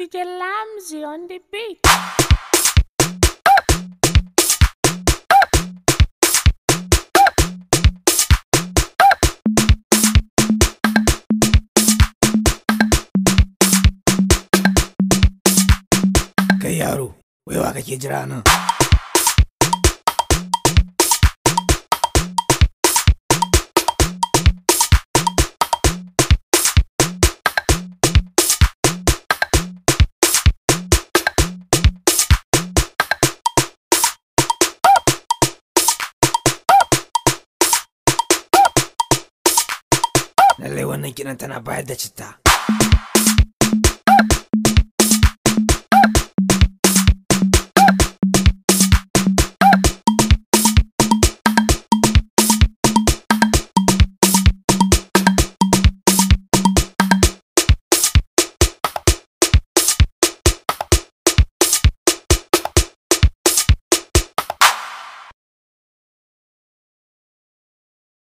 DJ Lamzy on the beat. we're waiwa kake jira nan? lallai wannan kiɗan tana bayar da citta